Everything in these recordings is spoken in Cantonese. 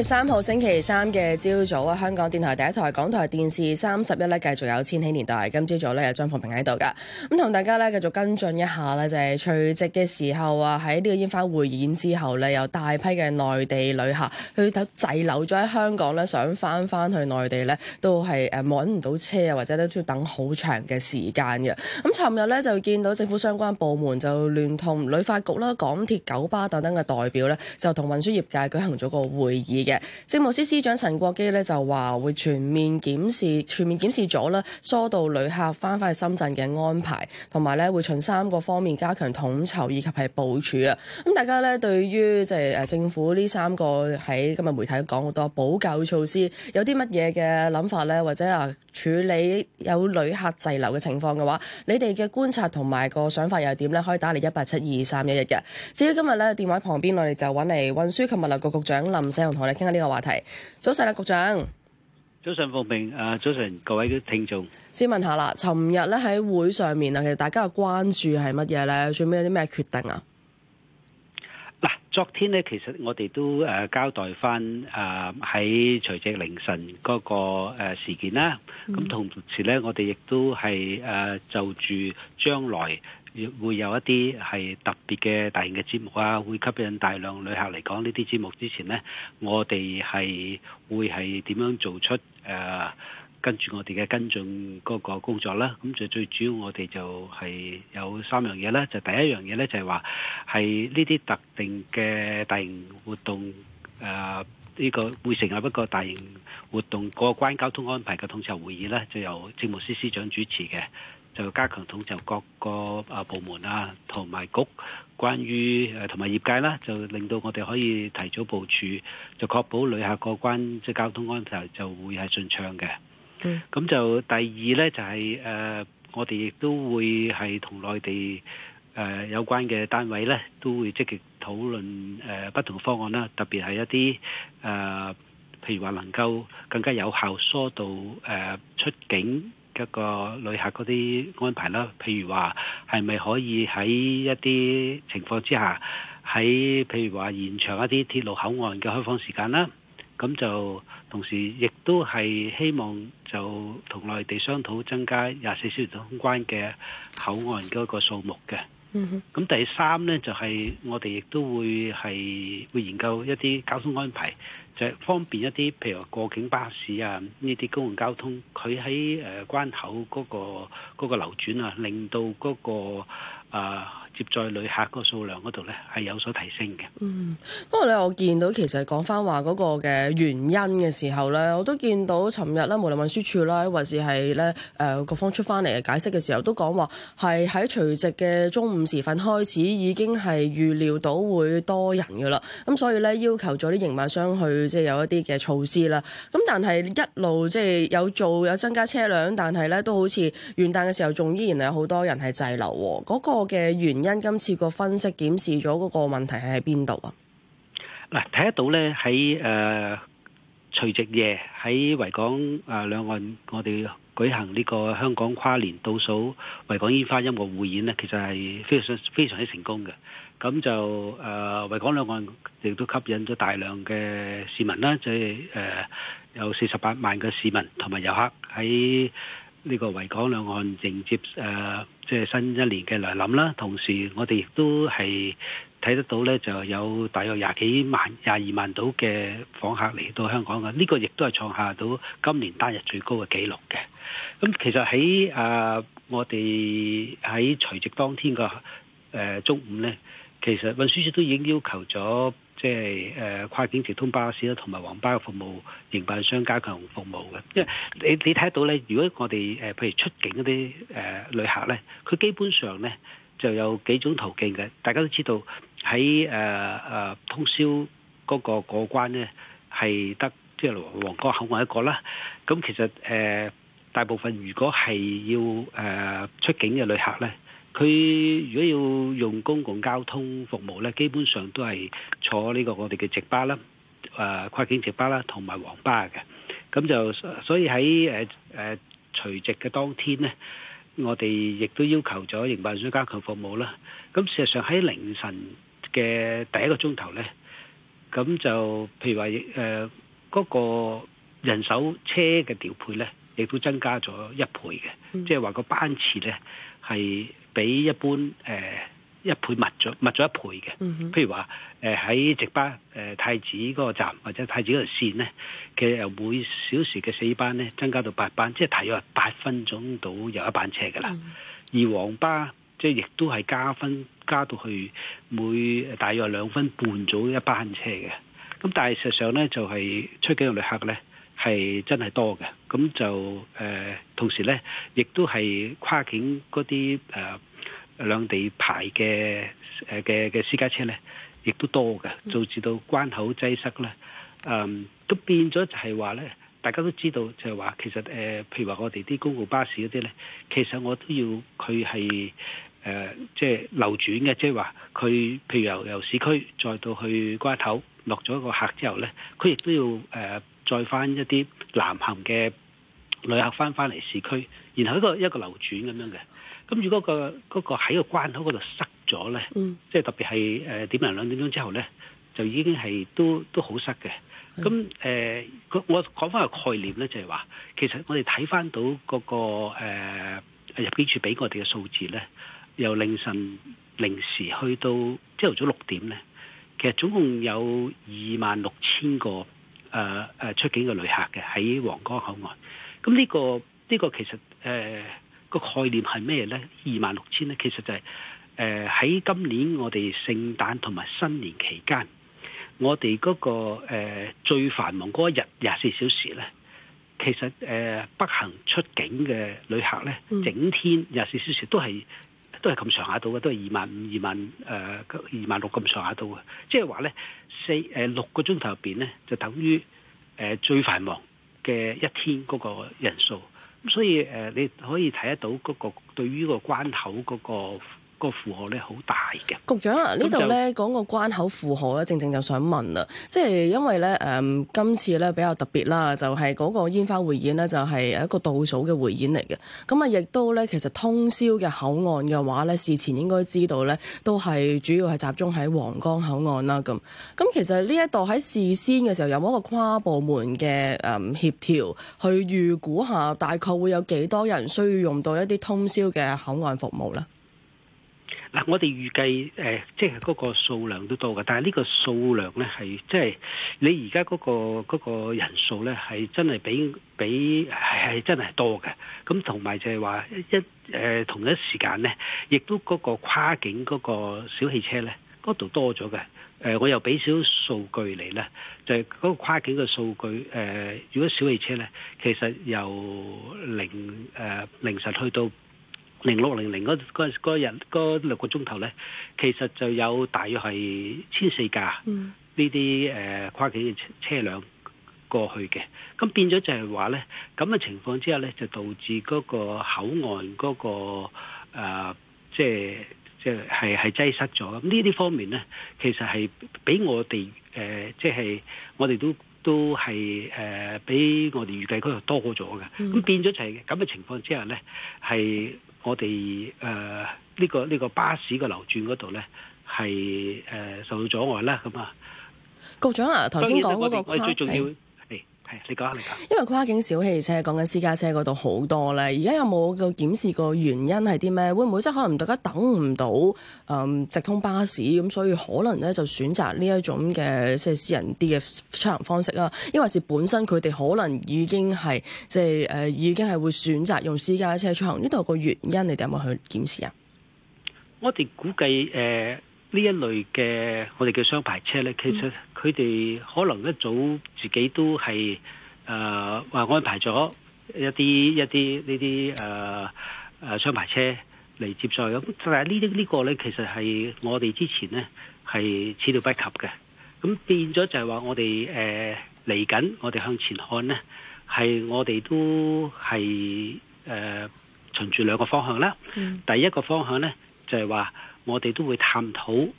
三號星期三嘅朝早啊，香港電台第一台港台電視三十一咧，繼續有千禧年代。今朝早咧有張鳳平喺度嘅，咁同大家咧繼續跟進一下咧，就係除夕嘅時候啊，喺呢個煙花匯演之後咧，有大批嘅內地旅客去到滯留咗喺香港咧，想翻翻去內地咧，都係誒揾唔到車啊，或者咧都要等好長嘅時間嘅。咁尋日咧就見到政府相關部門就聯同旅發局啦、港鐵、九巴等等嘅代表咧，就同運輸業界舉行咗個會議。嘅，政務司司長陳國基咧就話會全面檢視，全面檢視咗啦，疏導旅客翻返去深圳嘅安排，同埋咧會從三個方面加強統籌以及係部署啊。咁大家咧對於即係誒政府呢三個喺今日媒體講好多補救措施，有啲乜嘢嘅諗法咧，或者啊？處理有旅客滯留嘅情況嘅話，你哋嘅觀察同埋個想法又係點呢？可以打嚟一八七二三一一嘅。至於今日呢，電話旁邊我哋就揾嚟運輸及物流局局長林世雄同我哋傾下呢個話題。早晨啦，局長。早晨，鳳明。誒、啊，早晨各位聽眾。先問一下啦，尋日呢喺會上面啊，其實大家嘅關注係乜嘢呢？準備有啲咩決定啊？昨天呢，其實我哋都誒、呃、交代翻誒喺除夕凌晨嗰、那個、呃、事件啦。咁同時呢，我哋亦都係誒、呃、就住將來會有一啲係特別嘅大型嘅節目啊，會吸引大量旅客嚟講。呢啲節目之前呢，我哋係會係點樣做出誒？呃跟住我哋嘅跟進嗰個工作啦，咁就最主要我哋就係有三樣嘢啦，就第一樣嘢咧就係話，係呢啲特定嘅大型活動誒呢、呃這個會成立一個大型活動過、那個、關交通安排嘅統籌會議咧，就由政務司司長主持嘅，就加強統籌各個啊部門啊同埋局關於誒同埋業界啦，就令到我哋可以提早部署，就確保旅客過關即係交通安排就會係順暢嘅。咁、嗯、就第二呢，就係、是、誒、呃，我哋亦都會係同內地誒、呃、有關嘅單位呢，都會積極討論誒、呃、不同方案啦。特別係一啲誒、呃，譬如話能夠更加有效疏導誒、呃、出境嘅個旅客嗰啲安排啦。譬如話，係咪可以喺一啲情況之下，喺譬如話延長一啲鐵路口岸嘅開放時間啦？咁就。同時，亦都係希望就同內地商討增加廿四小時通關嘅口岸嗰個數目嘅。嗯，咁第三呢，就係我哋亦都會係會研究一啲交通安排，就係方便一啲，譬如過境巴士啊，呢啲公共交通，佢喺誒關口嗰個嗰個流轉啊，令到嗰個，啊接載旅客個數量嗰度咧係有所提升嘅。嗯，不過咧我見到其實講翻話嗰個嘅原因嘅時候咧，我都見到尋日啦，無論運輸處啦，或者是係咧誒各方出翻嚟嘅解釋嘅時候，都講話係喺除夕嘅中午時分開始已經係預料到會多人㗎啦。咁所以咧要求咗啲營運商去即係有一啲嘅措施啦。咁但係一路即係有做有增加車輛，但係咧都好似元旦嘅時候仲依然係有好多人係滯留。嗰、嗰個嘅原因。因今次個分析檢視咗嗰個問題係喺邊度啊？嗱，睇得到咧喺誒除夕夜喺維港誒、呃、兩岸，我哋舉行呢個香港跨年倒數、維港煙花音樂匯演呢，其實係非常非常之成功嘅。咁就誒、呃、維港兩岸亦都吸引咗大量嘅市民啦，就係誒有四十八萬嘅市民同埋遊客喺。呢、這個維港兩岸迎接誒，即、呃、係、就是、新一年嘅來臨啦。同時，我哋亦都係睇得到咧，就有大約廿幾萬、廿二,二萬到嘅訪客嚟到香港嘅。呢、這個亦都係創下到今年單日最高嘅紀錄嘅。咁其實喺誒，我哋喺除夕當天嘅誒中午咧，其實運輸署都已經要求咗。即係誒跨境直通巴士啦，同埋黃巴嘅服務營辦商加強服務嘅，因為你你睇到咧，如果我哋誒譬如出境嗰啲誒旅客咧，佢基本上咧就有幾種途徑嘅。大家都知道喺誒誒通宵嗰個過關咧係得即係皇崗口岸一個啦。咁其實誒大部分如果係要誒出境嘅旅客咧。佢如果要用公共交通服務呢，基本上都係坐呢個我哋嘅直巴啦，誒、呃、跨境直巴啦，同埋黃巴嘅。咁就所以喺誒誒除夕嘅當天呢，我哋亦都要求咗營辦商加強服務啦。咁事實上喺凌晨嘅第一個鐘頭呢，咁就譬如話誒嗰個人手車嘅調配呢，亦都增加咗一倍嘅、嗯，即係話個班次呢，係。比一般誒、呃、一倍密咗密咗一倍嘅，譬如話誒喺直巴誒、呃、太子嗰個站或者太子嗰條線咧，其實由每小時嘅四班呢，增加到八班，即係大約八分鐘到有一班車嘅啦、嗯。而黃巴即係亦都係加分加到去每大約兩分半組一班車嘅。咁但係事實上呢，就係、是、出境嘅旅客呢，係真係多嘅，咁就誒、呃、同時呢，亦都係跨境嗰啲誒兩地牌嘅誒嘅嘅私家車呢，亦都多嘅，導致到關口擠塞呢，嗯、呃，咁變咗就係話呢，大家都知道就係話，其實誒、呃，譬如話我哋啲公共巴士嗰啲呢，其實我都要佢係誒即係流轉嘅，即係話佢譬如由，由市區再到去關口落咗個客之後呢，佢亦都要誒。呃再翻一啲南行嘅旅客翻翻嚟市區，然後一個一個流轉咁樣嘅，咁如果、那個嗰喺、那個、個關口嗰度塞咗咧、嗯，即係特別係誒點零兩點鐘之後咧，就已經係都都好塞嘅。咁、呃、我講翻個概念咧，就係、是、話其實我哋睇翻到嗰、那個、呃、入境處俾我哋嘅數字咧，由凌晨零時去到朝頭早六點咧，其實總共有二萬六千個。誒誒出境嘅旅客嘅喺皇崗口岸，咁呢個呢個其實誒個、呃、概念係咩咧？二萬六千咧，其實就係誒喺今年我哋聖誕同埋新年期間，我哋嗰個誒、呃、最繁忙嗰一日廿四小時咧，其實誒、呃、北行出境嘅旅客咧，整天廿四小時都係。都係咁上下到嘅，都係二萬五、二萬誒、二萬六咁上下到嘅，即係話咧四誒六個鐘頭入邊咧，就等於誒最繁忙嘅一天嗰個人數，咁所以誒你可以睇得到嗰個對於個關口嗰個，個負荷咧好大嘅，局長啊，呢度咧講個關口負荷咧，正正就想問啦，即係因為咧誒、嗯、今次咧比較特別啦，就係、是、嗰個煙花匯演咧，就係一個倒數嘅匯演嚟嘅。咁啊，亦都咧其實通宵嘅口岸嘅話咧，事前應該知道咧，都係主要係集中喺皇崗口岸啦。咁咁其實呢一度喺事先嘅時候有冇一個跨部門嘅誒協調去預估下大概會有幾多人需要用到一啲通宵嘅口岸服務咧？嗱，我哋預計誒，即係嗰個數量都多嘅，但係呢個數量咧係即係你而家嗰個嗰個人數咧係真係比比係真係多嘅。咁同埋就係話一、呃、同一時間咧，亦都嗰個跨境嗰個小汽車咧嗰度多咗嘅、呃。我又俾少數據嚟啦，就係嗰個跨境嘅數據、呃、如果小汽車咧，其實由零誒零時去到。零六零零嗰嗰嗰日嗰六個鐘頭咧，其實就有大約係千四架呢啲誒跨境嘅車車輛過去嘅。咁變咗就係話咧，咁嘅情況之下咧，就導致嗰個口岸嗰個誒，即係即係係係擠塞咗。咁呢啲方面咧，其實係比我哋誒，即、呃、係、即係、我哋都都係誒、呃，比我哋預計嗰度多咗嘅。咁變咗就係咁嘅情況之下咧，係。我哋誒呢個呢、呢個巴士嘅流轉嗰度咧，係、呃、誒受到阻礙啦。咁啊，局長啊，頭先講嗰個跨。我們我們最重要係你講啊，你，你因為跨境小汽車講緊私家車嗰度好多咧，而家有冇個檢視個原因係啲咩？會唔會即係可能大家等唔到誒、嗯、直通巴士咁，所以可能咧就選擇呢一種嘅即係私人啲嘅出行方式啊。因為是本身佢哋可能已經係即係誒已經係會選擇用私家車出行？呢度個原因你哋有冇去檢視啊？我哋估計誒呢、呃、一類嘅我哋嘅雙牌車咧，其實、嗯。佢哋可能一早自己都係誒話安排咗一啲一啲呢啲誒誒雙排車嚟接載咁，但係呢啲呢個咧，其實係我哋之前咧係始料不及嘅。咁變咗就係話我哋誒嚟緊我哋向前看咧，係我哋都係誒循住兩個方向啦、嗯。第一個方向咧就係話我哋都會探討。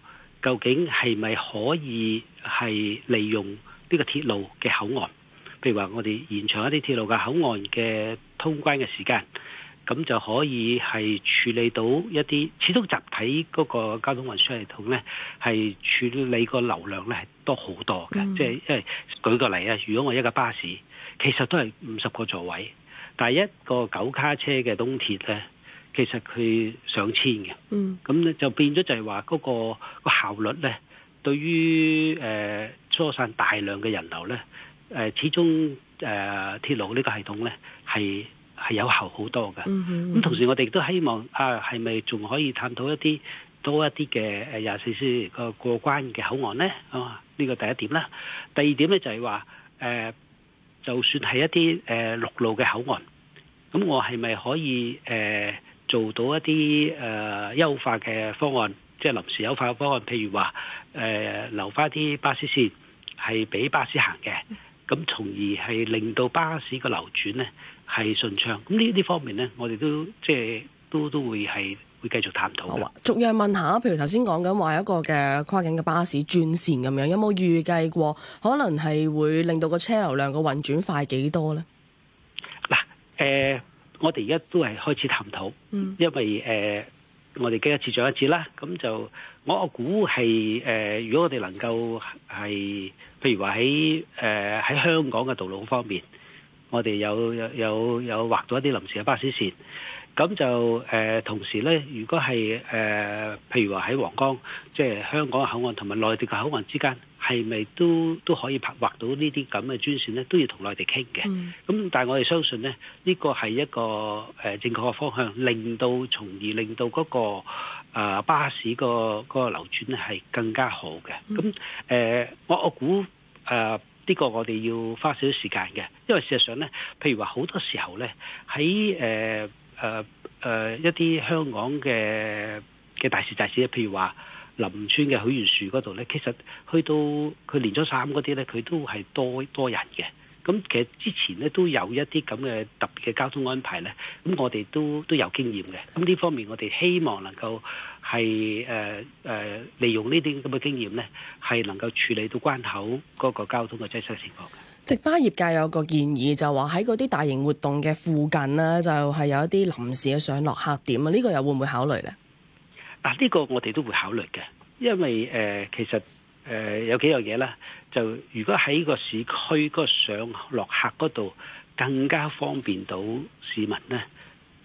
究竟係咪可以係利用呢個鐵路嘅口岸？譬如話，我哋延長一啲鐵路嘅口岸嘅通關嘅時間，咁就可以係處理到一啲。始終集體嗰個交通運輸系統呢，係處理個流量呢，係多好多嘅。即係因為舉個例啊，如果我一架巴士，其實都係五十個座位，但係一個九卡車嘅東鐵呢。其實佢上千嘅，咁咧就變咗就係話嗰個效率咧，對於誒、呃、疏散大量嘅人流咧，誒、呃、始終誒、呃、鐵路呢個系統咧係係有效好多嘅。咁同時我哋都希望啊，係咪仲可以探討一啲多一啲嘅誒廿四小時個過關嘅口岸咧？啊，呢、這個第一點啦。第二點咧就係話誒，就算係一啲誒、呃、陸路嘅口岸，咁我係咪可以誒？呃做到一啲誒優化嘅方案，即係臨時優化嘅方案，譬如話誒、呃、留翻啲巴士線，係俾巴士行嘅，咁從而係令到巴士嘅流轉呢，係順暢。咁呢啲方面呢，我哋都即係都都會係會繼續探討。好啊，逐樣問一下，譬如頭先講緊話一個嘅跨境嘅巴士轉線咁樣，有冇預計過可能係會令到個車流量嘅運轉快幾多呢？嗱、啊、誒。呃我哋而家都係開始探討，因為誒、嗯呃，我哋幾一次再一次啦。咁就我估係誒、呃，如果我哋能夠係譬如話喺誒喺香港嘅道路方面，我哋有有有有畫到一啲臨時嘅巴士線，咁就誒、呃、同時咧，如果係誒、呃、譬如話喺皇崗，即、就、係、是、香港嘅口岸同埋內地嘅口岸之間。係咪都都可以拍劃到呢啲咁嘅專線呢？都要同內地傾嘅。咁、嗯、但係我哋相信呢，呢個係一個誒正確嘅方向，令到從而令到嗰個巴士個、嗰個流轉咧係更加好嘅。咁、嗯、誒、呃，我我估誒呢、呃呢個我哋要花少少時間嘅，因為事實上呢，譬如話好多時候呢，喺誒誒誒一啲香港嘅嘅大市大市咧，譬如話。林村嘅許願樹嗰度呢，其實去到佢年初三嗰啲呢，佢都係多多人嘅。咁其實之前呢，都有一啲咁嘅特別嘅交通安排呢。咁我哋都都有經驗嘅。咁呢方面我哋希望能夠係誒誒利用呢啲咁嘅經驗呢，係能夠處理到關口嗰個交通嘅擠塞情況。直巴業界有個建議就話喺嗰啲大型活動嘅附近呢，就係、是、有一啲臨時嘅上落客點啊，呢、這個又會唔會考慮呢？嗱、啊，呢、呢個我哋都會考慮嘅，因為、呃、其實、呃、有幾樣嘢啦。就如果喺個市區嗰上落客嗰度更加方便到市民呢，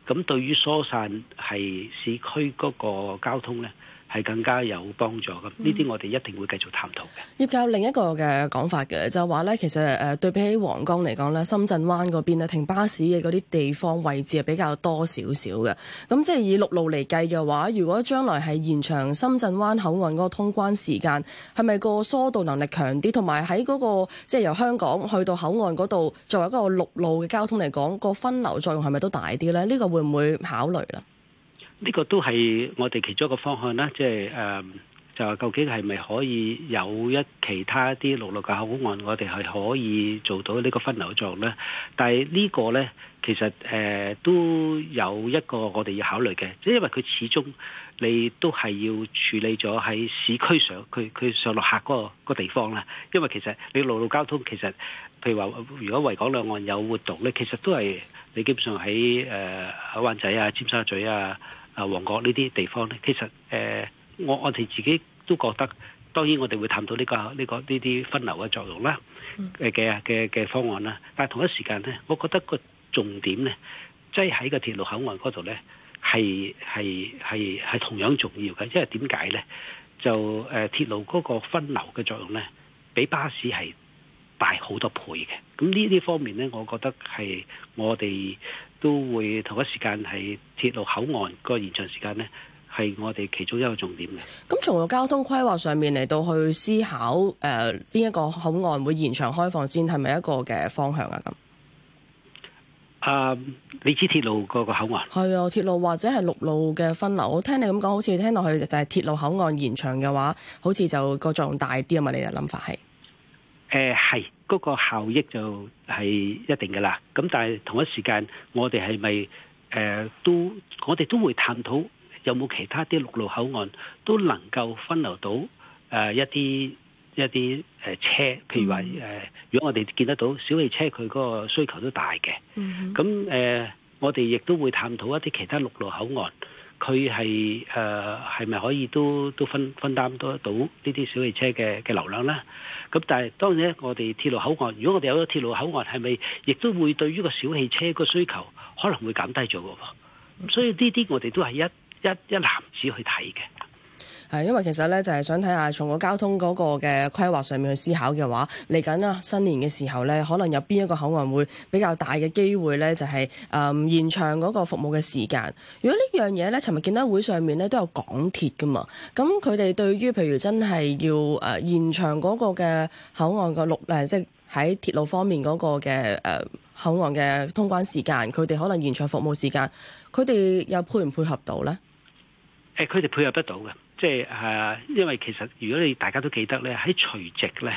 咁對於疏散係市區嗰個交通呢，係更加有幫助咁，呢啲我哋一定會繼續探討嘅、嗯。業界另一個嘅講法嘅就話、係、咧，其實誒對比起皇崗嚟講咧，深圳灣嗰邊停巴士嘅嗰啲地方位置係比較多少少嘅。咁即係以陸路嚟計嘅話，如果將來係延長深圳灣口岸嗰個通關時間，係咪個疏導能力強啲？同埋喺嗰個即係、就是、由香港去到口岸嗰度作為一個陸路嘅交通嚟講，個分流作用係咪都大啲咧？呢、呢個會唔會考慮啦？呢、這個都係我哋其中一個方向啦，即係誒，就，是嗯、就究竟係咪可以有一其他啲陸路嘅口岸，我哋係可以做到呢個分流作用咧？但係呢個呢，其實誒、呃、都有一個我哋要考慮嘅，即係因為佢始終你都係要處理咗喺市區上，佢佢上落客嗰、那個地方啦。因為其實你陸路交通其實，譬如話如果維港兩岸有活動呢，其實都係你基本上喺誒喺灣仔啊、尖沙咀啊。啊，旺角呢啲地方咧，其實誒、呃，我我哋自己都覺得，當然我哋會探到呢、這個呢、這個呢啲分流嘅作用啦，嘅嘅嘅方案啦。但同一時間咧，我覺得個重點咧，即係喺個鐵路口岸嗰度咧，係係係係同樣重要嘅，因係點解咧？就誒、呃、鐵路嗰個分流嘅作用咧，比巴士係大好多倍嘅。咁呢啲方面咧，我覺得係我哋。都會同一時間喺鐵路口岸個延長時間呢，係我哋其中一個重點嘅。咁從交通規劃上面嚟到去思考，誒、呃、邊一個口岸會延長開放先，係咪一個嘅方向啊？咁，啊，你知鐵路嗰個口岸？係啊，鐵路或者係陸路嘅分流。我聽你咁講，好似聽落去就係鐵路口岸延長嘅話，好似就、個作用大啲啊嘛？你嘅諗法係？誒、呃、係。嗰、個效益就係一定㗎喇。咁但係同一時間，我哋係咪誒都？我哋都會探討有冇其他啲陸路口岸都能夠分流到誒、呃、一啲一啲誒車。譬如話誒、呃，如果我哋見得到小汽車，佢嗰個需求都大嘅。嗯。咁誒、呃，我哋亦都會探討一啲其他陸路口岸，佢係誒係咪可以都都分分擔得到呢啲小汽車嘅嘅流量咧？咁但係當然咧，我哋鐵路口岸，如果我哋有咗鐵路口岸，係咪亦都會對於個小汽車個需求可能會減低咗噃？所以呢啲我哋都係一一一籃子去睇嘅。因為其實咧，就係想睇下從個交通嗰個嘅規劃上面去思考嘅話，嚟緊啦，新年嘅時候咧，可能有邊一個口岸會比較大嘅機會咧、就是，就係誒延長嗰個服務嘅時間。如果呢樣嘢咧，尋日見得會上面咧都有港鐵㗎嘛，咁佢哋對於譬如真係要誒延長嗰個嘅口岸嘅陸即係喺鐵路方面嗰個嘅誒口岸嘅通關時間，佢哋可能延長服務時間，佢哋又配唔配合到咧？誒，佢哋配合得到嘅。即係誒，因為其實如果你大家都記得咧，喺除夕咧，誒、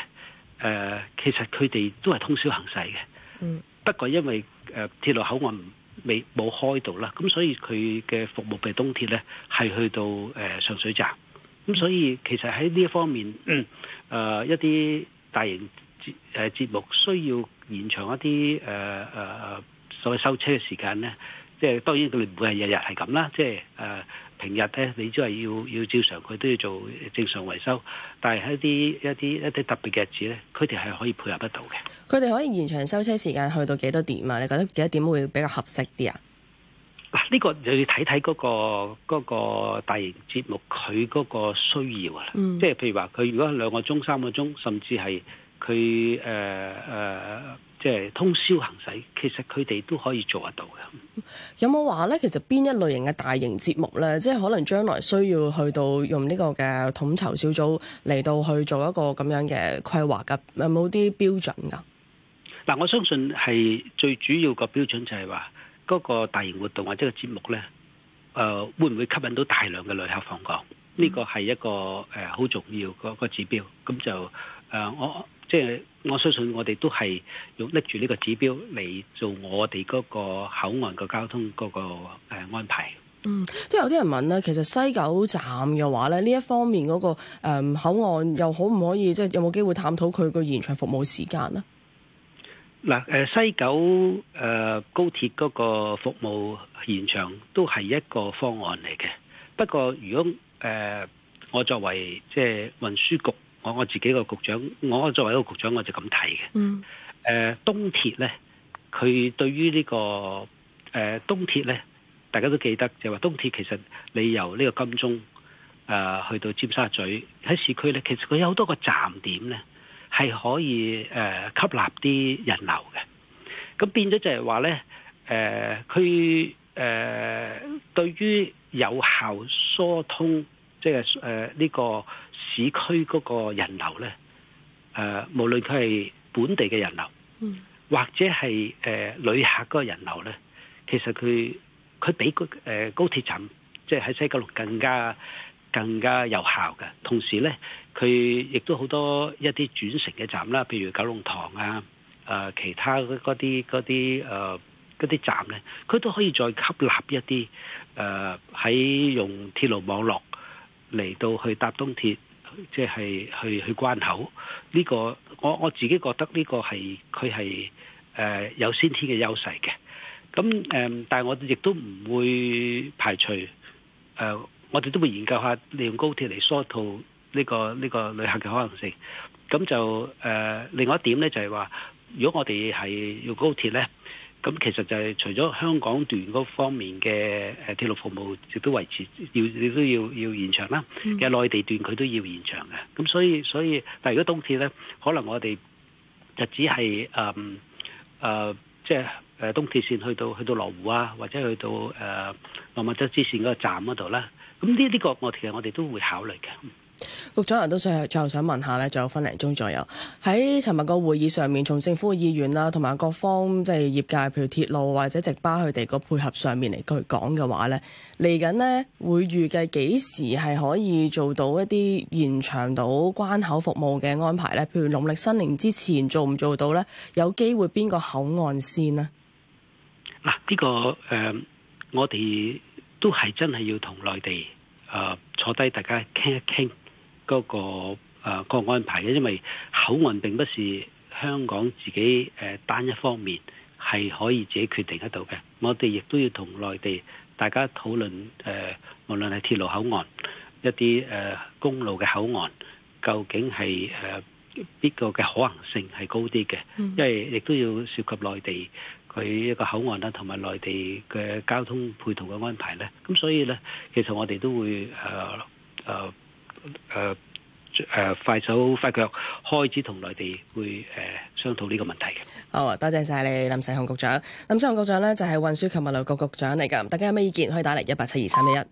呃、其實佢哋都係通宵行駛嘅。嗯。不過因為誒、呃、鐵路口岸未冇開到啦，咁所以佢嘅服務嘅東鐵咧係去到誒、呃、上水站。咁所以其實喺呢一方面，誒、呃呃、一啲大型節誒節目需要延長一啲誒誒所謂收車嘅時間咧。即係當然佢哋唔會係日日係咁啦。即係誒。平日咧，你都係要要照常佢，佢都要做正常維修。但係喺啲一啲一啲特別嘅日子咧，佢哋係可以配合得到嘅。佢哋可以延長收車時間去到幾多點啊？你覺得幾多點會比較合適啲啊？嗱、呢個，呢、那個要睇睇嗰個大型節目佢嗰個需要啊、嗯。即係譬如話，佢如果兩個鐘、三個鐘，甚至係佢誒誒。呃呃即係通宵行駛，其實佢哋都可以做得到嘅。有冇話呢？其實邊一類型嘅大型節目呢？即係可能將來需要去到用呢個嘅統籌小組嚟到去做一個咁樣嘅規劃嘅？有冇啲標準噶？嗱、嗯，我相信係最主要個標準就係話嗰個大型活動或者個節目呢，誒、呃，會唔會吸引到大量嘅旅客訪港？呢個係一個誒好重要個個指標。咁就誒、呃、我。即係我相信我哋都係要拎住呢個指標嚟做我哋嗰個口岸嘅交通嗰個誒安排。嗯，都有啲人問咧，其實西九站嘅話咧，呢一方面嗰個誒口岸又可唔可以即係、就是、有冇機會探討佢個延長服務時間呢？嗱、嗯，誒西九誒高鐵嗰個服務延長都係一個方案嚟嘅。不過如果誒、呃、我作為即係運輸局。我我自己個局長，我作為一個局長，我就咁睇嘅。誒、嗯呃，東鐵咧，佢對於呢、這個誒、呃、東鐵咧，大家都記得就係話東鐵其實你由呢個金鐘誒、呃、去到尖沙咀喺市區咧，其實佢有好多個站點咧係可以誒、呃、吸納啲人流嘅。咁變咗就係話咧，誒佢誒對於有效疏通。即係誒呢個市區嗰個人流呢，誒無論佢係本地嘅人流，或者係誒、呃、旅客嗰個人流呢，其實佢佢比高誒高鐵站，即係喺西九龍更加更加有效嘅。同時呢，佢亦都好多一啲轉乘嘅站啦，譬如九龍塘啊，誒、呃、其他嗰啲啲誒啲站呢，佢都可以再吸納一啲誒喺用鐵路網絡。嚟到去搭東鐵，即係去去關口呢個，我我自己覺得呢個係佢係誒有先天嘅優勢嘅。咁誒，但係我哋亦都唔會排除誒，我哋都會研究下利用高鐵嚟疏導呢個呢個旅客嘅可能性。咁就誒，另外一點呢，就係話，如果我哋係用高鐵呢。咁其實就係除咗香港段嗰方面嘅誒鐵路服務，亦都維持要你都要都要，要延長啦、嗯。其實內地段佢都要延長嘅。咁所以所以，但係如果東鐵咧，可能我哋就只係誒誒，即係誒東鐵線去到去到羅湖啊，或者去到誒、呃、落馬洲支線嗰個站嗰度啦。咁呢呢個我其實我哋都會考慮嘅。局長，人都想最後想問下呢，仲有分零鐘左右。喺尋日個會議上面，從政府嘅意願啦，同埋各方即係業界，譬如鐵路或者直巴，佢哋個配合上面嚟去講嘅話呢，嚟緊呢，會預計幾時係可以做到一啲延長到關口服務嘅安排呢？譬如農曆新年之前做唔做到呢？有機會邊個口岸先呢？嗱、這個，呢個誒，我哋都係真係要同內地、呃、坐低，大家傾一傾。嗰、那個誒、呃那個、安排嘅，因為口岸並不是香港自己誒、呃、單一方面係可以自己決定得到嘅。我哋亦都要同內地大家討論誒、呃，無論係鐵路口岸一啲誒、呃、公路嘅口岸，究竟係誒邊個嘅可行性係高啲嘅、嗯？因為亦都要涉及內地佢一個口岸啦，同埋內地嘅交通配套嘅安排咧。咁所以咧，其實我哋都會誒誒。呃呃誒、啊、誒、啊，快手快腳開始同內地會誒、啊、商討呢個問題嘅。好多謝晒你林世雄局長，林世雄局長呢就係運輸及物流局局長嚟噶，大家有咩意見可以打嚟一八七二三一一。172, 3,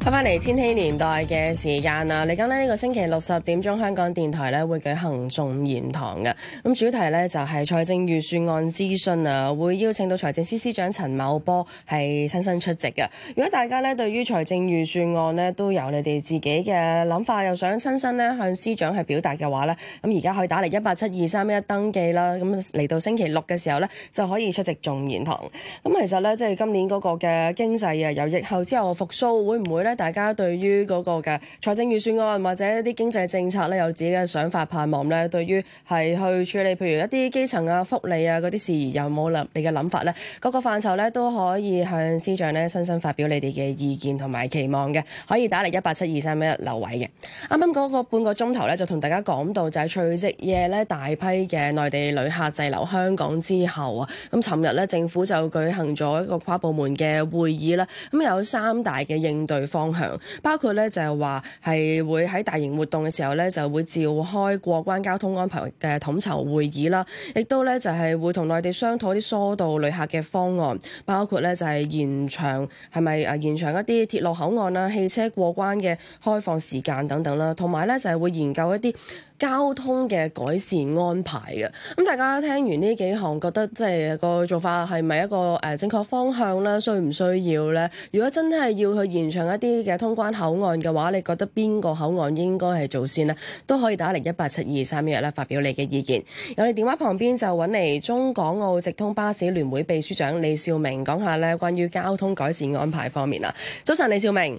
翻翻嚟千禧年代嘅時間啦，嚟緊呢呢個星期六十點鐘香港電台呢會舉行眾言堂嘅，咁主題呢，就係財政預算案諮詢啊，會邀請到財政司司長陳茂波係親身出席嘅。如果大家呢對於財政預算案呢都有你哋自己嘅諗法，又想親身呢向司長去表達嘅話呢咁而家可以打嚟一八七二三一登記啦，咁嚟到星期六嘅時候呢，就可以出席眾言堂。咁其實呢，即係今年嗰個嘅經濟啊，由疫後之後復蘇會唔會？會咧，大家對於嗰個嘅財政預算案或者一啲經濟政策咧，有自己嘅想法盼望咧。對於係去處理譬如一啲基層啊、福利啊嗰啲事宜，有冇諗你嘅諗法咧？嗰個範疇咧都可以向司長咧，親身發表你哋嘅意見同埋期望嘅，可以打嚟一八七二三一留位嘅。啱啱嗰個半個鐘頭咧，就同大家講到就係除夕夜咧，大批嘅內地旅客滯留香港之後啊，咁尋日咧，政府就舉行咗一個跨部門嘅會議啦。咁有三大嘅應對方向包括咧就係話，係會喺大型活動嘅時候咧就會召開過關交通安排嘅統籌會議啦，亦都咧就係會同內地商討啲疏導旅客嘅方案，包括咧就係延長係咪誒延長一啲鐵路口岸啦、汽車過關嘅開放時間等等啦，同埋咧就係會研究一啲。交通嘅改善安排嘅，咁大家聽完呢幾項，覺得即係個做法係咪一個誒正確方向咧？需唔需要咧？如果真係要去延長一啲嘅通關口岸嘅話，你覺得邊個口岸應該係做先咧？都可以打嚟，一八七二三一咧發表你嘅意見。有你電話旁邊就揾嚟中港澳直通巴士聯會秘書長李少鳴講下咧，關於交通改善安排方面啊。早晨，李少鳴。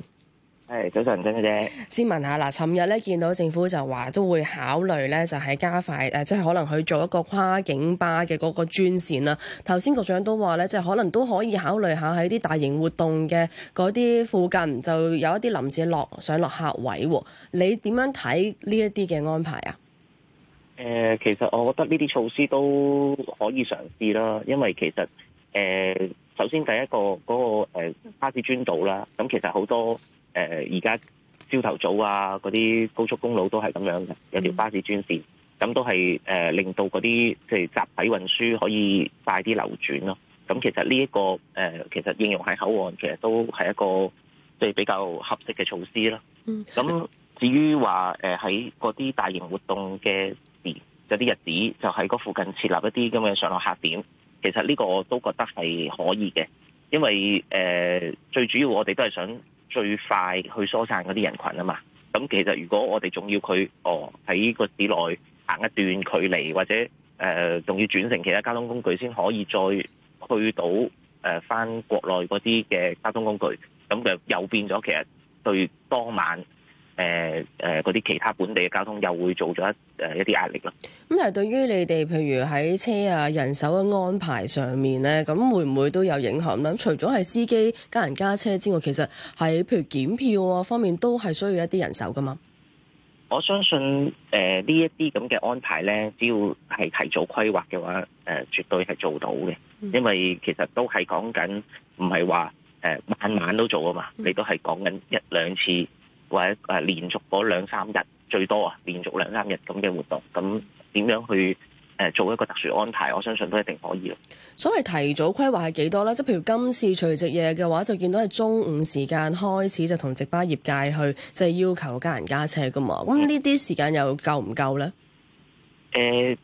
係，早上好姐啫。先問下嗱，尋日咧見到政府就話都會考慮咧，就係加快誒，即係可能去做一個跨境巴嘅嗰個專線啦。頭先局長都話咧，即、就、係、是、可能都可以考慮下喺啲大型活動嘅嗰啲附近，就有一啲臨時落上落客位。你點樣睇呢一啲嘅安排啊？誒、呃，其實我覺得呢啲措施都可以嘗試啦，因為其實誒、呃，首先第一個嗰、那個誒、呃、巴士專道啦，咁其實好多。誒、呃，而家朝頭早啊，嗰啲高速公路都係咁樣嘅，有條巴士專線，咁都係誒、呃、令到嗰啲即係集體運輸可以快啲流轉咯。咁其實呢、這、一個誒、呃，其實應用喺口岸，其實都係一個即係、就是、比較合適嘅措施咯。咁至於話誒喺嗰啲大型活動嘅時有啲日子，就喺嗰附近設立一啲咁嘅上落客點，其實呢個我都覺得係可以嘅，因為誒、呃、最主要我哋都係想。最快去疏散嗰啲人群啊嘛，咁其實如果我哋仲要佢哦喺個市內行一段距離，或者誒仲、呃、要轉乘其他交通工具先可以再去到誒返、呃、國內嗰啲嘅交通工具，咁就又變咗其實對當晚。誒、呃、誒，嗰、呃、啲其他本地嘅交通又會做咗一誒、呃、一啲壓力咯。咁但係對於你哋，譬如喺車啊人手嘅安排上面咧，咁會唔會都有影響咧？咁除咗係司機加人加車之外，其實喺譬如檢票啊方面都係需要一啲人手噶嘛。我相信誒呢一啲咁嘅安排咧，只要係提早規劃嘅話，誒、呃、絕對係做到嘅、嗯，因為其實都係講緊唔係話誒晚晚都做啊嘛，你都係講緊一，嗯、一兩次。或者連續嗰兩三日最多啊，連續兩三日咁嘅活動，咁點樣去做一個特殊安排？我相信都一定可以咯。所謂提早規劃係幾多咧？即係譬如今次除夕夜嘅話，就見到係中午時間開始就同直巴業界去，就係、是、要求加人加車噶嘛。咁呢啲時間又夠唔夠咧、嗯呃？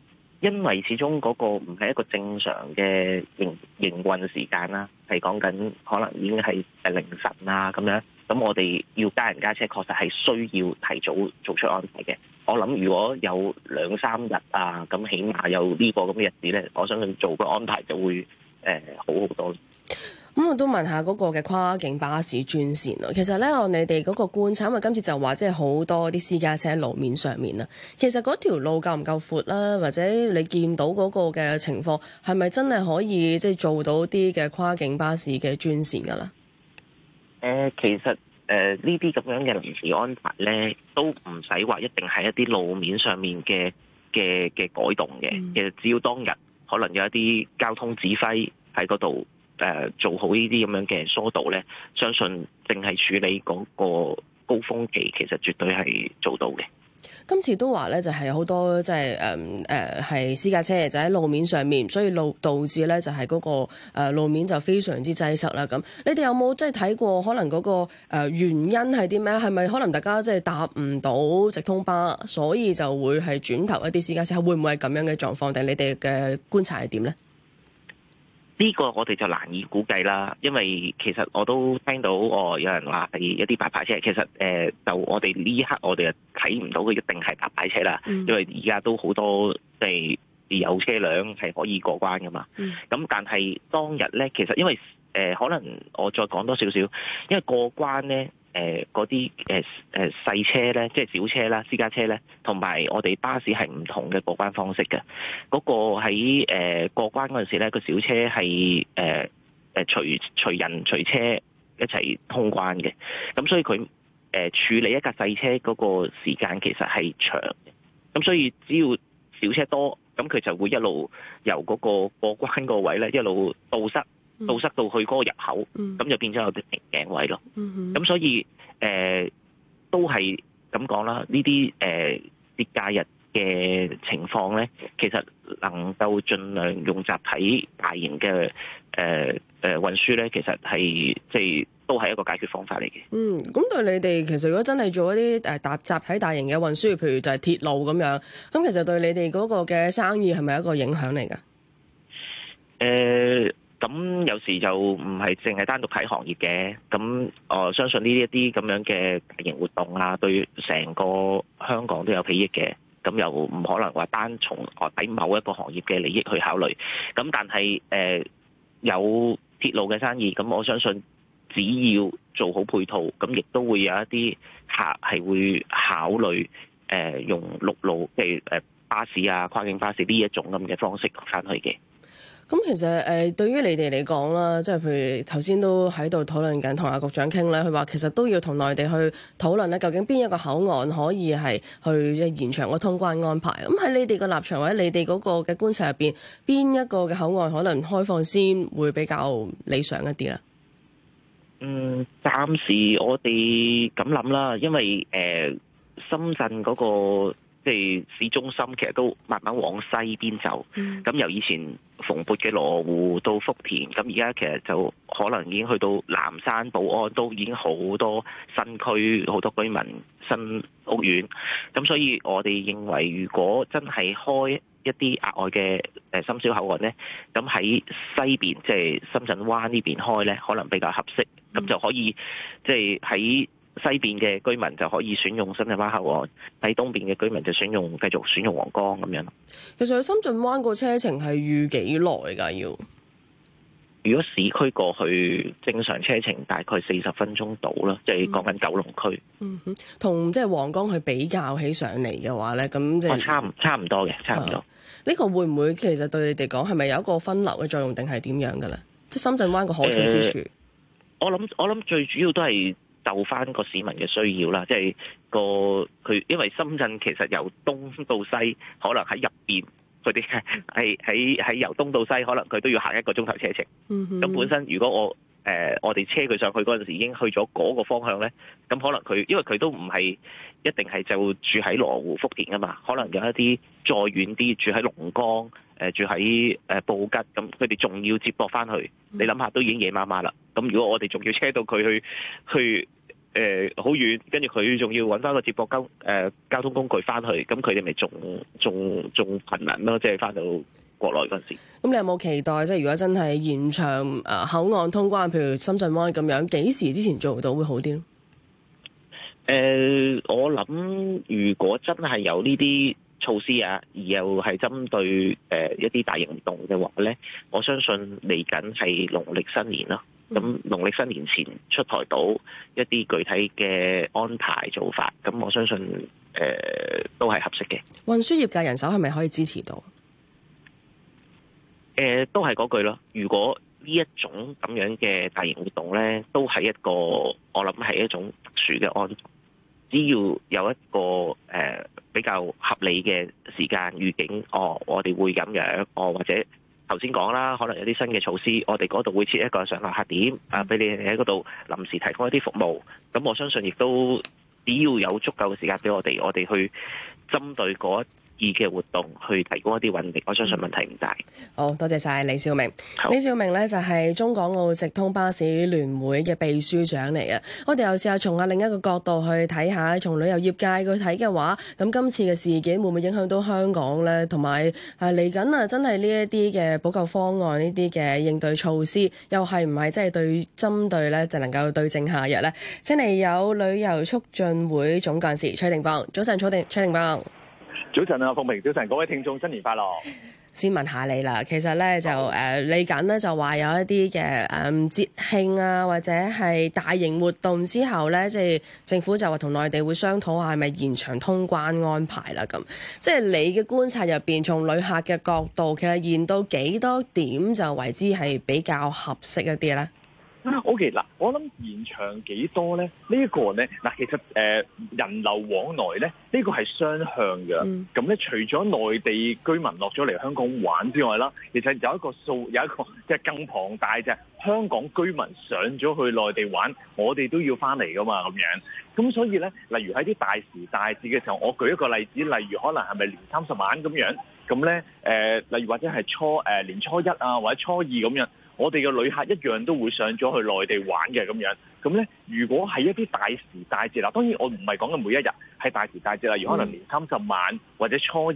因為始終嗰個唔係一個正常嘅營營運時間啦，係講緊可能已經係凌晨啦咁樣。咁我哋要加人加車，確實係需要提早做出安排嘅。我諗如果有兩三日啊，咁起碼有呢個咁嘅日子咧，我相信做個安排就會誒、呃、好好多。咁、嗯、我都問下嗰個嘅跨境巴士專線啊。其實咧，我你哋嗰個觀察，咪今次就話即係好多啲私家車路面上面啊。其實嗰條路夠唔夠闊啦？或者你見到嗰個嘅情況係咪真係可以即係做到啲嘅跨境巴士嘅專線噶啦？誒、呃，其實誒呢啲咁樣嘅臨時安排咧，都唔使話一定係一啲路面上面嘅嘅嘅改動嘅。其實只要當日可能有一啲交通指揮喺嗰度，誒、呃、做好呢啲咁樣嘅疏導咧，相信淨係處理嗰個高峰期，其實絕對係做到嘅。今次都話咧、就是，就係好多即係誒誒，係、呃、私家車就喺路面上面，所以路導致咧就係嗰、那個、呃、路面就非常之擠塞啦。咁你哋有冇即係睇過可能嗰個原因係啲咩？係咪可能大家即係搭唔到直通巴，所以就會係轉頭一啲私家車？會唔會係咁樣嘅狀況？定你哋嘅觀察係點咧？呢、這個我哋就難以估計啦，因為其實我都聽到哦，有人話係一啲白牌車。其實就我哋呢一刻我哋睇唔到佢一定係白牌車啦、嗯，因為而家都好多即係有車輛係可以過關噶嘛。咁、嗯、但係當日咧，其實因為、呃、可能我再講多少少，因為過關咧。誒嗰啲誒誒細車咧，即係小車啦，就是，私家車咧，同埋我哋巴士係唔同嘅過關方式嘅。嗰個喺誒過關嗰陣時咧，個小車係誒隨隨人隨車一齊通關嘅。咁所以佢誒處理一架細車嗰個時間其實係長嘅。咁所以只要小車多，咁佢就會一路由嗰個過關個位咧一路堵塞，到塞到去嗰個入口，咁、嗯、就變咗有啲頸位咯。咁、嗯、所以誒、呃、都係咁講啦。呢啲誒節假日嘅情況咧，其實能夠盡量用集體大型嘅誒誒運輸咧，其實係即係都係一個解決方法嚟嘅。嗯，咁對你哋其實如果真係做一啲誒搭集體大型嘅運輸，譬如就係鐵路咁樣，咁其實對你哋嗰個嘅生意係咪一個影響嚟㗎？誒、呃。咁有時就唔係淨係單獨睇行業嘅，咁我相信呢一啲咁樣嘅大型活動啊，對成個香港都有裨益嘅。咁又唔可能話單從我睇某一個行業嘅利益去考慮。咁但係、呃、有鐵路嘅生意，咁我相信只要做好配套，咁亦都會有一啲客係會考慮、呃、用陸路，譬如巴士啊、跨境巴士呢一種咁嘅方式翻去嘅。咁其實誒對於你哋嚟講啦，即係譬如頭先都喺度討論緊，同阿局長傾咧，佢話其實都要同內地去討論咧，究竟邊一個口岸可以係去延長個通關安排。咁喺你哋個立場或者你哋嗰個嘅觀察入邊，邊一個嘅口岸可能開放先會比較理想一啲咧？嗯，暫時我哋咁諗啦，因為誒、呃、深圳嗰個。即係市中心，其實都慢慢往西邊走。咁、嗯、由以前蓬勃嘅羅湖到福田，咁而家其實就可能已經去到南山、寶安，都已經好多新區、好多居民新屋苑。咁所以，我哋認為如果真係開一啲額外嘅誒深宵口岸呢，咁喺西邊，即係深圳灣呢邊開呢，可能比較合適，咁、嗯、就可以即係喺。西邊嘅居民就可以選用深圳灣口岸，喺東邊嘅居民就選用繼續選用皇崗咁樣。其實喺深圳灣個車程係預幾耐噶？要如果市區過去正常車程大概四十分鐘到啦，即係講緊九龍區。嗯，同即係皇崗去比較起上嚟嘅話呢，咁即係差唔差唔多嘅，差唔多。呢、哦這個會唔會其實對你哋講係咪有一個分流嘅作用，定係點樣嘅呢？即係深圳灣個可取之處。呃、我諗我諗最主要都係。就翻個市民嘅需要啦，即係個佢，因為深圳其實由東到西，可能喺入面，佢哋係喺喺由東到西，可能佢都要行一個鐘頭車程。咁、mm -hmm. 本身如果我誒、呃、我哋車佢上去嗰陣時已經去咗嗰個方向呢，咁可能佢因為佢都唔係一定係就住喺羅湖、福田啊嘛，可能有一啲再遠啲住喺龍崗。誒住喺誒布吉，咁佢哋仲要接駁翻去，你諗下都已經夜麻麻啦。咁如果我哋仲要車到佢去，去誒好、呃、遠，跟住佢仲要揾翻個接駁交誒、呃、交通工具翻去，咁佢哋咪仲仲仲困難咯，即係翻到國內嗰陣時。咁你有冇期待即係如果真係延長誒口岸通關，譬如深圳灣咁樣，幾時之前做到會好啲咧？誒、呃，我諗如果真係有呢啲。措施啊，而又係針對誒、呃、一啲大型活動嘅話咧，我相信嚟緊係農曆新年咯。咁農曆新年前出台到一啲具體嘅安排做法，咁我相信誒、呃、都係合適嘅。運輸業界人手係咪可以支持到？誒、呃、都係嗰句咯。如果呢一種咁樣嘅大型活動咧，都係一個我諗係一種特殊嘅安排，只要有一個誒。呃比較合理嘅時間預警，哦，我哋會咁樣，哦，或者頭先講啦，可能有啲新嘅措施，我哋嗰度會設一個上落客點啊，俾你喺嗰度臨時提供一啲服務。咁我相信亦都只要有足夠嘅時間俾我哋，我哋去針對嗰一以及活動去提供一啲運力，我相信問題唔大。好多謝晒李少鳴。李少鳴呢，就係、是、中港澳直通巴士聯會嘅秘書長嚟嘅。我哋又試下從下另一個角度去睇下，從旅遊業界去睇嘅話，咁今次嘅事件會唔會影響到香港呢？同埋誒嚟緊啊，真係呢一啲嘅補救方案，呢啲嘅應對措施，又係唔係真係對針對呢？就能夠對症下藥呢？請嚟有旅遊促進會總幹事崔定邦。早晨，崔定崔定邦。早晨啊，鳳明早晨，各位聽眾，新年快樂。先問下你啦，其實咧，就誒，嚟緊咧就話有一啲嘅誒節慶啊，或者係大型活動之後咧，即係政府就話同內地會商討下係咪延長通關安排啦，咁即係你嘅觀察入邊，從旅客嘅角度，其實延到幾多點就為之係比較合適一啲咧？O.K. 嗱，我諗延長幾多咧？這個、呢一個咧，嗱，其實誒、呃、人流往來咧，這個雙嗯、呢個係雙向嘅。咁咧，除咗內地居民落咗嚟，香港玩之外啦，其實有一個數，有一個即係、就是、更龐大，就香港居民上咗去內地玩，我哋都要翻嚟噶嘛，咁樣。咁所以咧，例如喺啲大時大節嘅時候，我舉一個例子，例如可能係咪年三十晚咁樣？咁咧，誒、呃，例如或者係初誒、呃、年初一啊，或者初二咁樣。我哋嘅旅客一樣都會上咗去內地玩嘅，咁樣。咁咧如果係一啲大時大節啦，當然我唔係講緊每一日係大時大節啦，如可能年三十晚或者初二，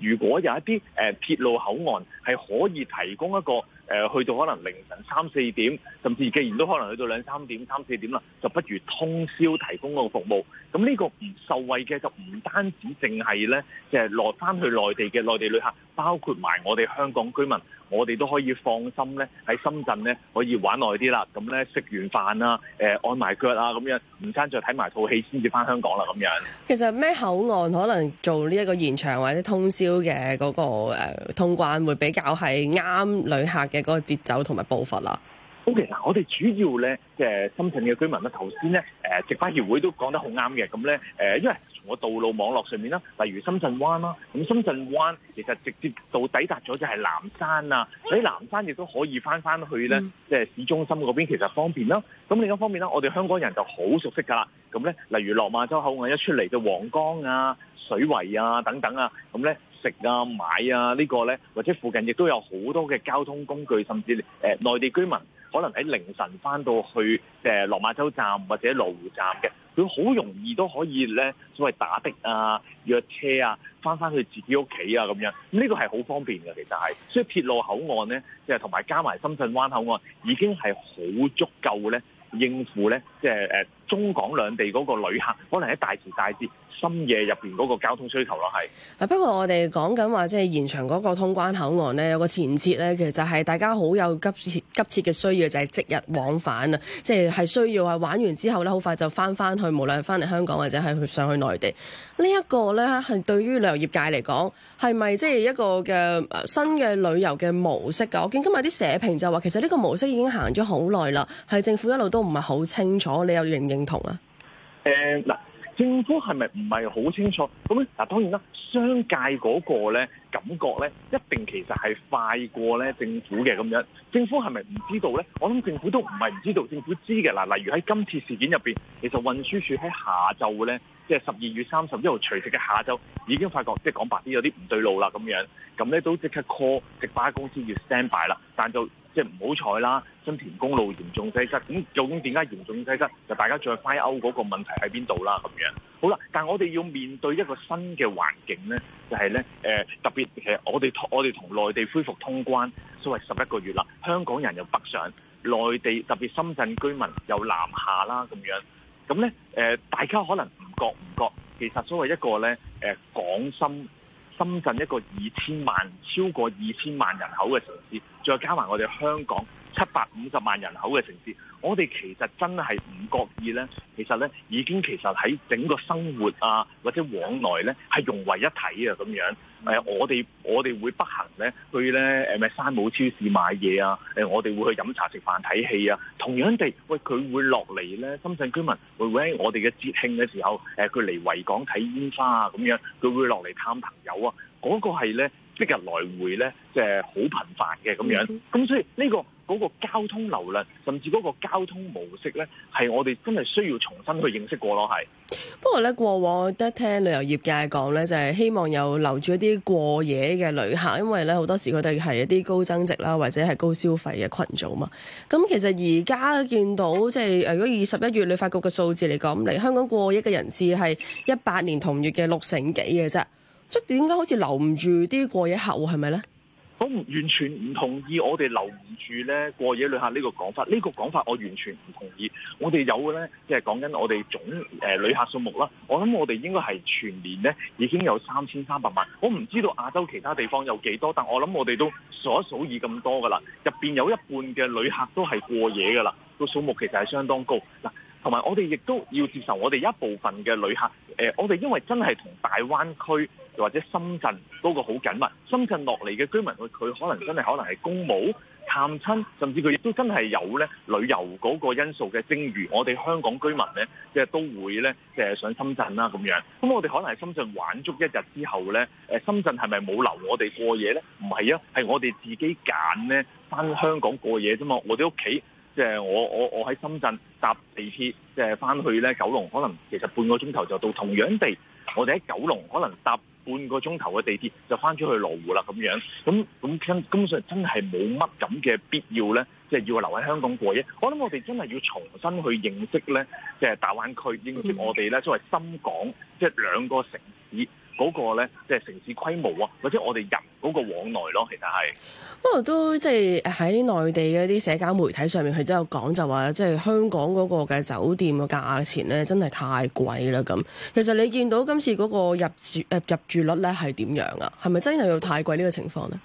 如果有一啲誒鐵路口岸係可以提供一個、呃、去到可能凌晨三四點，甚至既然都可能去到兩三點、三四點啦，就不如通宵提供個服務。咁呢個唔受惠嘅就唔單止淨係咧，就係落翻去內地嘅內地、嗯、旅客，包括埋我哋香港居民。我哋都可以放心咧，喺深圳咧可以玩耐啲啦。咁咧食完飯啦，誒、呃、按埋腳啊，咁樣唔爭在再睇埋套戲先至翻香港啦。咁樣其實咩口岸可能做呢一個延長或者通宵嘅嗰、那個、呃、通關，會比較係啱旅客嘅嗰個節奏同埋步伐啦。O.K. 嗱，我哋主要咧即係深圳嘅居民啦。頭先咧誒直巴協會都講得好啱嘅。咁咧誒因為我道路網絡上面啦，例如深圳灣啦，咁深圳灣其實直接到抵達咗就係南山啊，喺南山亦都可以翻翻去咧，即、嗯、係、就是、市中心嗰邊其實方便啦。咁另一方面咧，我哋香港人就好熟悉噶啦，咁咧例如落馬洲口岸一出嚟就黃江啊、水圍啊等等啊，咁咧食啊、買啊、這個、呢個咧，或者附近亦都有好多嘅交通工具，甚至誒內、呃、地居民可能喺凌晨翻到去誒、呃、落馬洲站或者羅湖站嘅。佢好容易都可以咧，所謂打的啊、約車啊，翻返去自己屋企啊，咁樣咁呢、嗯呢個係好方便嘅，其實係，所以鐵路口岸咧，即係同埋加埋深圳灣口岸，已經係好足夠咧應付咧，即係誒。中港兩地嗰個旅客，可能喺大時大節深夜入面嗰個交通需求咯，係。不過我哋講緊話即係延長嗰個通關口岸呢，有個前提呢，其實係大家好有急急切嘅需要，就係、是、即日往返啊！即、就、係、是、需要係玩完之後呢，好快就翻翻去，無論翻嚟香港或者係上去內地。呢、這、一個呢，係對於旅遊業界嚟講，係咪即係一個嘅新嘅旅遊嘅模式㗎？我見今日啲社評就話，其實呢個模式已經行咗好耐啦，係政府一路都唔係好清楚，你又認。認同啊？誒，嗱，政府係咪唔係好清楚？咁咧，嗱，當然啦，商界嗰個咧，感覺咧，一定其實係快過咧政府嘅咁樣。政府係咪唔知道咧？我諗政府都唔係唔知道，政府知嘅。嗱，例如喺今次事件入邊，其實運輸署喺下晝咧，就是、即係十二月三十一號除夕嘅下晝，已經發覺即，即係講白啲，有啲唔對路啦咁樣。咁咧都即刻 call 直巴公司要 stand by 啦，但就。即係唔好彩啦，新田公路嚴重擠塞。咁究竟點解嚴重擠塞？就大家再批歐嗰個問題喺邊度啦？咁樣好啦。但係我哋要面對一個新嘅環境呢，就係、是、呢、呃，特別係我哋我哋同內地恢復通關，所謂十一個月啦。香港人又北上，內地特別深圳居民又南下啦，咁樣咁呢、呃，大家可能唔覺唔覺，其實所謂一個呢，呃、港深深圳一個二千萬超過二千萬人口嘅城市。再加埋我哋香港七百五十萬人口嘅城市，我哋其實真係唔覺意呢。其實呢，已經其實喺整個生活啊或者往來呢，係融為一體啊咁樣。誒，我哋我哋會北行呢，去呢誒咩山姆超市買嘢啊。誒，我哋會去飲茶食飯睇戲啊。同樣地，喂佢會落嚟呢，深圳居民會喺我哋嘅節慶嘅時候，誒佢嚟維港睇煙花啊咁樣，佢會落嚟探朋友啊。嗰、嗰個係咧。即日來回咧，即係好頻繁嘅咁樣，咁所以呢個嗰個交通流量，甚至嗰個交通模式咧，係我哋真係需要重新去認識過咯，係。不過咧，過往得聽旅遊業界講咧，就係、是、希望有留住一啲過夜嘅旅客，因為咧好多時佢哋係一啲高增值啦，或者係高消費嘅群組嘛。咁其實而家見到即係，如果二十一月旅發局嘅數字嚟講，嚟香港過夜嘅人士係一八年同月嘅六成幾嘅啫。即係點解好似留唔住啲過夜客喎？係咪呢？我完全唔同意我哋留唔住呢過夜旅客呢個講法。呢個講法我完全唔同意我我。我哋有嘅呢，即係講緊我哋總誒旅客數目啦。我諗我哋應該係全年呢已經有三千三百萬。我唔知道亞洲其他地方有幾多，但我諗我哋都數一數二咁多噶啦。入面有一半嘅旅客都係過夜噶啦，個數目其實係相當高。嗱，同埋我哋亦都要接受我哋一部分嘅旅客誒，我哋因為真係同大灣區。或者深圳嗰個好緊密，深圳落嚟嘅居民佢可能真係可能係公務探親，甚至佢亦都真係有咧旅遊嗰個因素嘅。正如我哋香港居民咧，即係都會咧即係上深圳啦、啊、咁樣。咁我哋可能喺深圳玩足一日之後咧，誒深圳係咪冇留我哋過夜咧？唔係啊，係我哋自己揀咧翻香港過夜啫嘛。我哋屋企即係我我我喺深圳搭地鐵即係翻去咧九龍，可能其實半個鐘頭就到。同樣地，我哋喺九龍可能搭。半個鐘頭嘅地鐵就翻出去羅湖啦，咁樣，咁咁根本上真係冇乜咁嘅必要咧，即係要留喺香港過夜。我諗我哋真係要重新去認識咧，即係大灣區，認識我哋咧作為深港即係兩個城市。嗰個咧，即係城市規模啊，或者我哋人嗰個往內咯，其實係不過都即係喺內地嗰啲社交媒體上面，佢都有講就話，即係香港嗰個嘅酒店嘅價錢咧，真係太貴啦咁。其實你見到今次嗰個入住誒入住率咧係點樣啊？係咪真係要太貴呢個情況咧？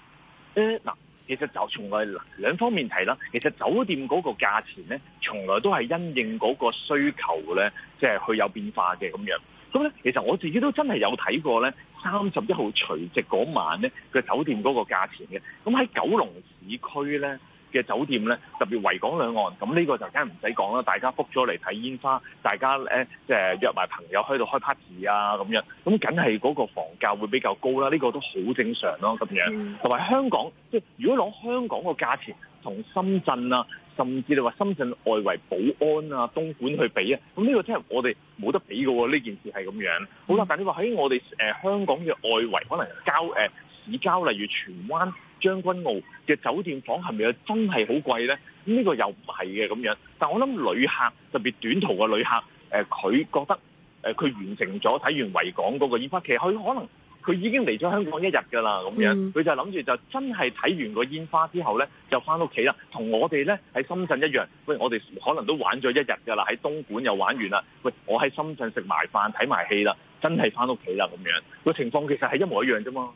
誒嗱，其實就從來兩方面睇啦，其實酒店嗰個價錢咧，從來都係因應嗰個需求咧，即係佢有變化嘅咁樣。咁咧，其實我自己都真係有睇過咧，三十一號除夕嗰晚咧嘅酒店嗰個價錢嘅。咁喺九龍市區咧嘅酒店咧，特別維港兩岸，咁呢個就梗係唔使講啦。大家 book 咗嚟睇煙花，大家咧即係約埋朋友去度開 party 啊咁樣，咁梗係嗰個房價會比較高啦。呢、呢個都好正常咯、啊，咁樣同埋香港即、係、如果攞香港個價錢同深圳啦、啊。甚至你話深圳外圍寶安啊、東莞去比啊，咁呢個真係我哋冇得比㗎喎，呢件事係咁樣。好啦，但你話喺我哋香港嘅外圍，可能郊、呃、市郊，例如荃灣、將軍澳嘅酒店房係咪真係好貴呢？咁呢個又唔係嘅咁樣。但我諗旅客特別短途嘅旅客，佢、呃、覺得佢、呃、完成咗睇完維港嗰個煙花，其實佢可能。佢已經嚟咗香港一日㗎啦，咁樣佢就諗住就真係睇完個煙花之後咧，就翻屋企啦。同我哋咧喺深圳一樣，喂，我哋可能都玩咗一日㗎啦，喺東莞又玩完啦。喂，我喺深圳食埋飯睇埋戲啦，真係翻屋企啦咁樣。個情況其實係一模一樣啫嘛。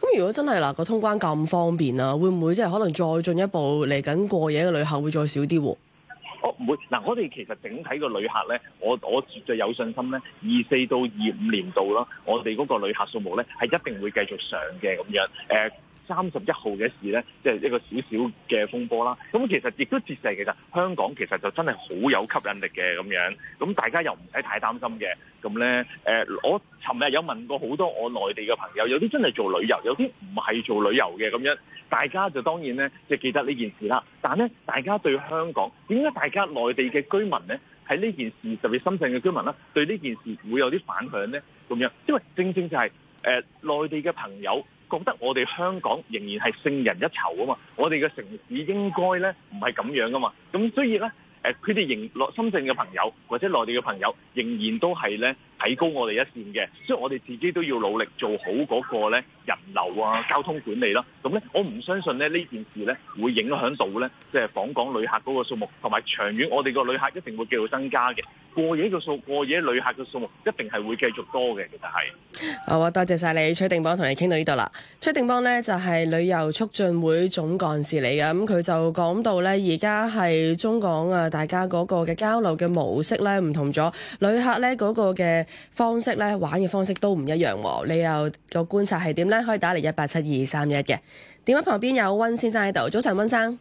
咁如果真係嗱，個通關咁方便啊，會唔會即係可能再進一步嚟緊過夜嘅旅客會再少啲喎？哦、我唔會嗱，我哋其實整體個旅客咧，我我絕對有信心咧，二四到二五年度咯，我哋嗰個旅客數目咧係一定會繼續上嘅。咁樣，呃三十一號嘅事呢，即係一個少少嘅風波啦。咁其實亦都折射其實香港其實就真係好有吸引力嘅咁樣。咁大家又唔使太擔心嘅。咁呢，誒，我尋日有問過好多我內地嘅朋友，有啲真係做旅遊，有啲唔係做旅遊嘅咁樣。大家就當然呢，就記得呢件事啦。但呢，大家對香港點解大家內地嘅居民呢？喺呢件事，特別深圳嘅居民啦，對呢件事會有啲反響呢？咁樣，因為正正就係誒內地嘅朋友覺得我哋香港仍然係勝人一籌啊嘛！我哋嘅城市應該咧唔係咁樣啊嘛！咁所以咧，誒、呃，佢哋仍落深圳嘅朋友或者內地嘅朋友仍然都係咧睇高我哋一線嘅，所以我哋自己都要努力做好嗰個，咧人流啊，交通管理啦，咁咧，我唔相信咧呢件事咧，會影響到咧，即係訪港旅客嗰個數目，同埋長遠，我哋個旅客一定會繼續增加嘅。過夜嘅數，過夜旅客嘅數目一定係會繼續多嘅，其實係。好啊，多謝曬你，崔定邦同你傾到呢度啦。崔定邦咧就係旅遊促進會總幹事嚟嘅，咁佢就講到咧，而家係中港啊，大家嗰個嘅交流嘅模式咧唔同咗，旅客咧嗰個嘅方式咧玩嘅方式都唔一樣喎。你又個觀察係點咧？可以。打嚟一八七二三一嘅電話，旁邊有溫先生喺度，早晨溫生，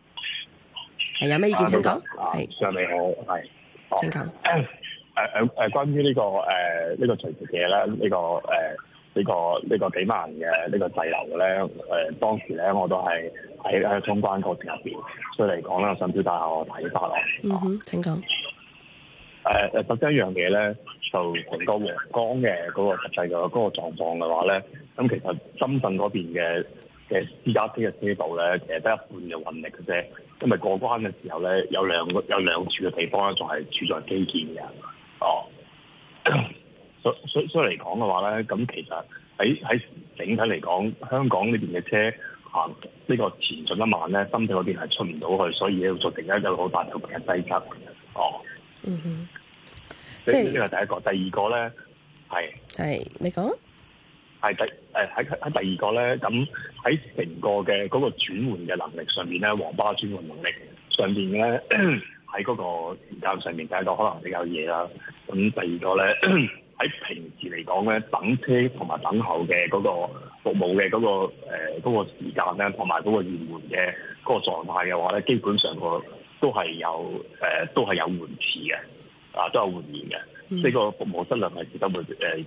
係、啊、有咩意見請講。係、啊、上午好，係，請講。誒誒誒，關於呢、這個誒呢、啊這個隨碟嘢咧、呢、啊這個誒呢個呢個幾萬嘅、這個、呢個滯留咧，誒、啊、當時咧我都係喺喺通關過程入邊，所以嚟講咧，我想表達下我睇法咯。嗯哼，請講。誒、啊、誒，得一樣嘢咧。就整個皇崗嘅嗰個實際嘅嗰個狀況嘅話咧，咁其實深圳嗰邊嘅嘅私家車嘅車道咧，其實得一半嘅運力嘅啫，因為過關嘅時候咧，有兩個有兩處嘅地方咧，仲係處在基建嘅，哦。所所 所以嚟講嘅話咧，咁其實喺喺整體嚟講，香港呢邊嘅車行呢、啊這個前進得慢咧，深圳嗰邊係出唔到去，所以要就突然間有好大一部分嘅擠塞，哦。嗯哼。呢個第一個，第二個呢？係係你講，係第二個呢？咁喺成個嘅嗰個轉換嘅能力上面呢，黃巴轉換能力上面呢，喺嗰個時間上面睇到可能比較夜啦。咁第二個呢，喺平時嚟講呢，等車同埋等候嘅嗰個服務嘅嗰、嗰個呃嗰個時間呢，同埋嗰個延緩嘅嗰個狀態嘅話呢，基本上個都係有、呃、都係有緩遲嘅。啊，都係換言嘅，呢個服務質量係值得去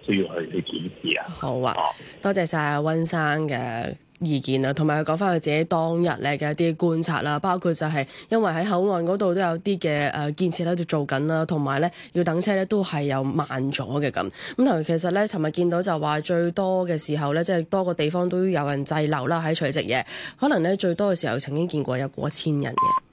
誒，需要去去檢視啊。好啊，啊多謝晒温生嘅意見啊。同埋佢講翻佢自己當日咧嘅一啲觀察啦，包括就係因為喺口岸嗰度都有啲嘅誒建設喺度做緊啦，同埋咧要等車咧都係有慢咗嘅咁。咁頭其實咧，尋日見到就話最多嘅時候咧，即係多個地方都有人滯留啦，喺除夕夜可能咧最多嘅時候曾經見過有過千人嘅。